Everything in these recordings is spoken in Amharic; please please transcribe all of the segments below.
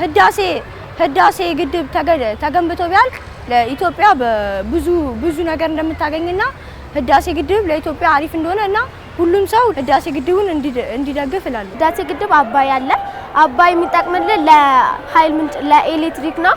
ህዳሴ ህዳሴ ግድብ ተገንብቶ ቢያልቅ ለኢትዮጵያ ብዙ ብዙ ነገር እንደምታገኝና ህዳሴ ግድብ ለኢትዮጵያ አሪፍ እንደሆነ እና ሁሉም ሰው ህዳሴ ግድቡን እንዲደግፍ እላለሁ። ህዳሴ ግድብ አባይ አለ። አባይ የሚጠቅምልን ለኃይል ምንጭ ለኤሌክትሪክ ነው።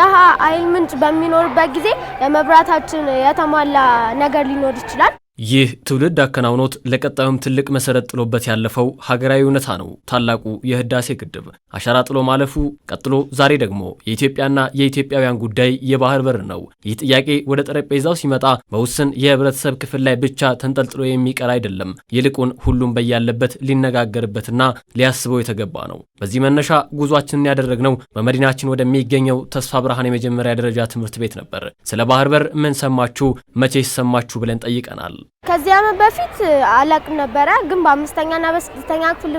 ያ ኃይል ምንጭ በሚኖርበት ጊዜ የመብራታችን የተሟላ ነገር ሊኖር ይችላል። ይህ ትውልድ አከናውኖት ለቀጣዩም ትልቅ መሰረት ጥሎበት ያለፈው ሀገራዊ እውነታ ነው። ታላቁ የህዳሴ ግድብ አሻራ ጥሎ ማለፉ ቀጥሎ ዛሬ ደግሞ የኢትዮጵያና የኢትዮጵያውያን ጉዳይ የባህር በር ነው። ይህ ጥያቄ ወደ ጠረጴዛው ሲመጣ በውስን የህብረተሰብ ክፍል ላይ ብቻ ተንጠልጥሎ የሚቀር አይደለም። ይልቁን ሁሉም በያለበት ሊነጋገርበትና ሊያስበው የተገባ ነው። በዚህ መነሻ ጉዟችንን ያደረግነው በመዲናችን ወደሚገኘው ተስፋ ብርሃን የመጀመሪያ ደረጃ ትምህርት ቤት ነበር። ስለ ባህር በር ምን ሰማችሁ፣ መቼ ሰማችሁ ብለን ጠይቀናል። ከዚህ ዓመት በፊት አላቅም ነበረ፣ ግን በአምስተኛና በስድስተኛ ክፍል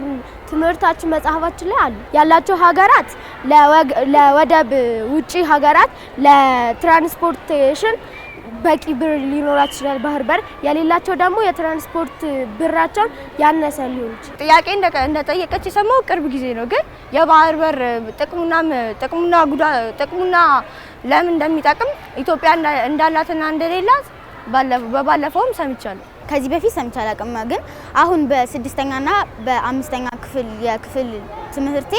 ትምህርታችን መጽሐፋችን ላይ አሉ ያላቸው ሀገራት ለወደብ ውጪ ሀገራት ለትራንስፖርቴሽን በቂ ብር ሊኖራቸው ይችላል፣ ባህር በር የሌላቸው ደግሞ የትራንስፖርት ብራቸውን ያነሰ ሊሆን ይችላል። ጥያቄ እንደጠየቀች የሰማው ቅርብ ጊዜ ነው። ግን የባህር በር ጥቅሙና ጉዳ ጥቅሙና ለምን እንደሚጠቅም ኢትዮጵያ እንዳላትና እንደሌላት በባለፈውም ሰምቻለሁ። ከዚህ በፊት ሰምቼ አላውቅም፣ ግን አሁን በስድስተኛና በአምስተኛ ክፍል የክፍል ትምህርቴ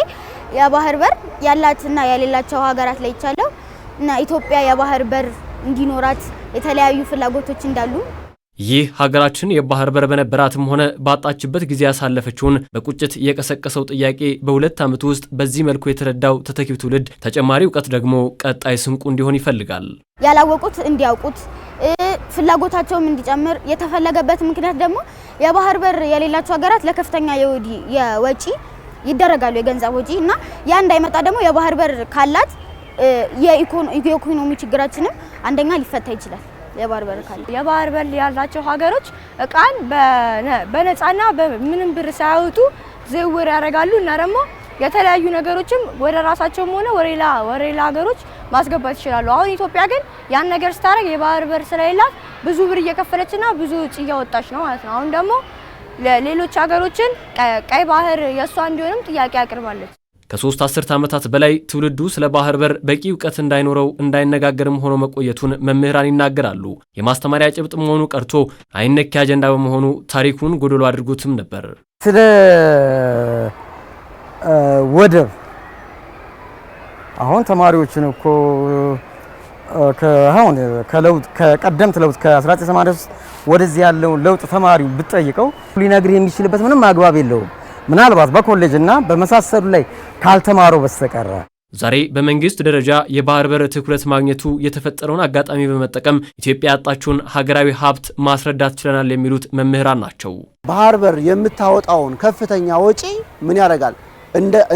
የባህር በር ያላትና የሌላቸው ሀገራት ላይ እና ኢትዮጵያ የባህር በር እንዲኖራት የተለያዩ ፍላጎቶች እንዳሉ ይህ ሀገራችን የባህር በር በነበራትም ሆነ ባጣችበት ጊዜ ያሳለፈችውን በቁጭት የቀሰቀሰው ጥያቄ በሁለት ዓመት ውስጥ በዚህ መልኩ የተረዳው ተተኪው ትውልድ ተጨማሪ እውቀት ደግሞ ቀጣይ ስንቁ እንዲሆን ይፈልጋል። ያላወቁት እንዲያውቁት ፍላጎታቸውም እንዲጨምር የተፈለገበት ምክንያት ደግሞ የባህር በር የሌላቸው ሀገራት ለከፍተኛ የወጪ ይደረጋሉ የገንዘብ ወጪ እና ያ እንዳይመጣ ደግሞ የባህር በር ካላት የኢኮኖሚ ችግራችንም አንደኛ ሊፈታ ይችላል። የባህር በር ካለ የባህር በር ያላቸው ሀገሮች እቃን በነፃና በምንም ብር ሳያወጡ ዝውውር ያደርጋሉ እና ደግሞ የተለያዩ ነገሮችም ወደ ራሳቸውም ሆነ ወሬላ ወሬላ ሀገሮች ማስገባት ይችላሉ። አሁን ኢትዮጵያ ግን ያን ነገር ስታደርግ የባህር በር ስለሌላት ብዙ ብር እየከፈለችና ብዙ ውጭ እያወጣች ነው ማለት ነው። አሁን ደግሞ ለሌሎች ሀገሮችን ቀይ ባህር የእሷ እንዲሆንም ጥያቄ አቅርባለች። ከሶስት አስርት ዓመታት በላይ ትውልዱ ስለ ባህር በር በቂ እውቀት እንዳይኖረው እንዳይነጋገርም ሆኖ መቆየቱን መምህራን ይናገራሉ። የማስተማሪያ ጭብጥ መሆኑ ቀርቶ አይነኪ አጀንዳ በመሆኑ ታሪኩን ጎደሎ አድርጎትም ነበር። ስለ ወደብ አሁን ተማሪዎችን እኮ ከአሁን ከለውጥ ከቀደምት ለውጥ ከ1983 ወደዚህ ያለውን ለውጥ ተማሪው ብትጠይቀው ሊነግርህ የሚችልበት ምንም አግባብ የለውም። ምናልባት በኮሌጅ እና በመሳሰሉ ላይ ካልተማረው በስተቀረ ዛሬ በመንግስት ደረጃ የባህር በር ትኩረት ማግኘቱ የተፈጠረውን አጋጣሚ በመጠቀም ኢትዮጵያ ያጣችውን ሀገራዊ ሀብት ማስረዳት ችለናል የሚሉት መምህራን ናቸው። ባህር በር የምታወጣውን ከፍተኛ ወጪ ምን ያደርጋል?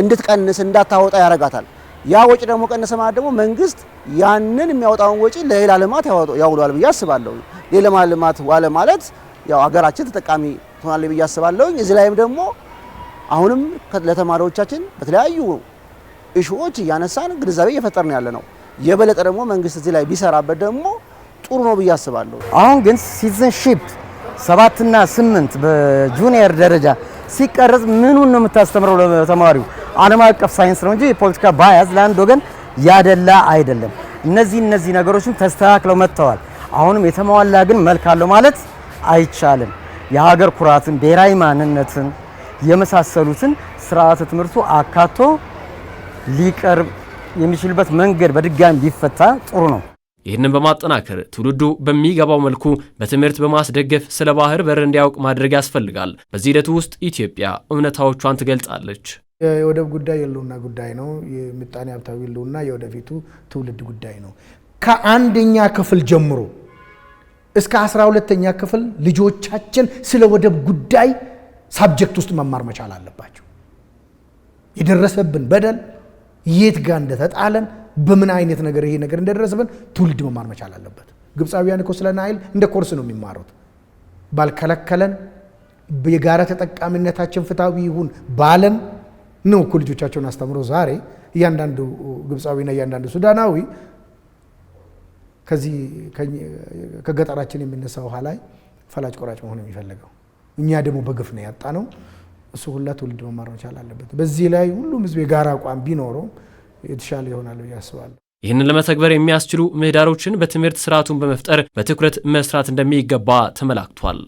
እንድትቀንስ እንዳታወጣ ያደርጋታል። ያ ወጪ ደግሞ ቀነሰ ማለት ደግሞ መንግስት ያንን የሚያወጣውን ወጪ ለሌላ ልማት ያውሏል ብዬ አስባለሁ። ሌላ ልማት ዋለ ማለት ያው ሀገራችን ተጠቃሚ ትሆናለች ብዬ አስባለሁ። እዚህ ላይም ደግሞ አሁንም ለተማሪዎቻችን በተለያዩ እሾዎች እያነሳን ግንዛቤ እየፈጠርን ያለ ነው። የበለጠ ደግሞ መንግስት እዚህ ላይ ቢሰራበት ደግሞ ጥሩ ነው ብዬ አስባለሁ። አሁን ግን ሲቲዝንሺፕ ሰባትና ስምንት በጁኒየር ደረጃ ሲቀረጽ ምኑን ነው የምታስተምረው ለተማሪው? ዓለም አቀፍ ሳይንስ ነው እንጂ የፖለቲካ ባያዝ ለአንድ ወገን ያደላ አይደለም። እነዚህ እነዚህ ነገሮችም ተስተካክለው መጥተዋል። አሁንም የተሟላ ግን መልክ አለው ማለት አይቻልም። የሀገር ኩራትን፣ ብሔራዊ ማንነትን የመሳሰሉትን ስርዓተ ትምህርቱ አካቶ ሊቀርብ የሚችልበት መንገድ በድጋሚ ቢፈታ ጥሩ ነው። ይህንን በማጠናከር ትውልዱ በሚገባው መልኩ በትምህርት በማስደገፍ ስለ ባህር በር እንዲያውቅ ማድረግ ያስፈልጋል። በዚህ ሂደቱ ውስጥ ኢትዮጵያ እውነታዎቿን ትገልጻለች። የወደብ ጉዳይ የህልውና ጉዳይ ነው። የምጣኔ ሀብታዊ ህልውና የወደፊቱ ትውልድ ጉዳይ ነው። ከአንደኛ ክፍል ጀምሮ እስከ አስራ ሁለተኛ ክፍል ልጆቻችን ስለ ወደብ ጉዳይ ሳብጀክት ውስጥ መማር መቻል አለባቸው። የደረሰብን በደል የት ጋር እንደተጣለን በምን አይነት ነገር ይሄ ነገር እንደደረሰብን ትውልድ መማር መቻል አለበት። ግብፃውያን እኮ ስለ ናይል እንደ ኮርስ ነው የሚማሩት። ባልከለከለን የጋራ ተጠቃሚነታችን ፍትሐዊ ይሁን ባለን ነው እኮ ልጆቻቸውን አስተምሮ ዛሬ እያንዳንዱ ግብፃዊና እያንዳንዱ ሱዳናዊ ከዚህ ከገጠራችን የሚነሳ ውሃ ላይ ፈላጭ ቆራጭ መሆን የሚፈልገው እኛ ደግሞ በግፍ ነው ያጣ ነው። እሱ ሁላ ትውልድ መማር መቻል አለበት። በዚህ ላይ ሁሉም ህዝብ የጋራ አቋም ቢኖረው የተሻለ ይሆናል ብዬ አስባለሁ። ይህንን ለመተግበር የሚያስችሉ ምህዳሮችን በትምህርት ስርዓቱን በመፍጠር በትኩረት መስራት እንደሚገባ ተመላክቷል።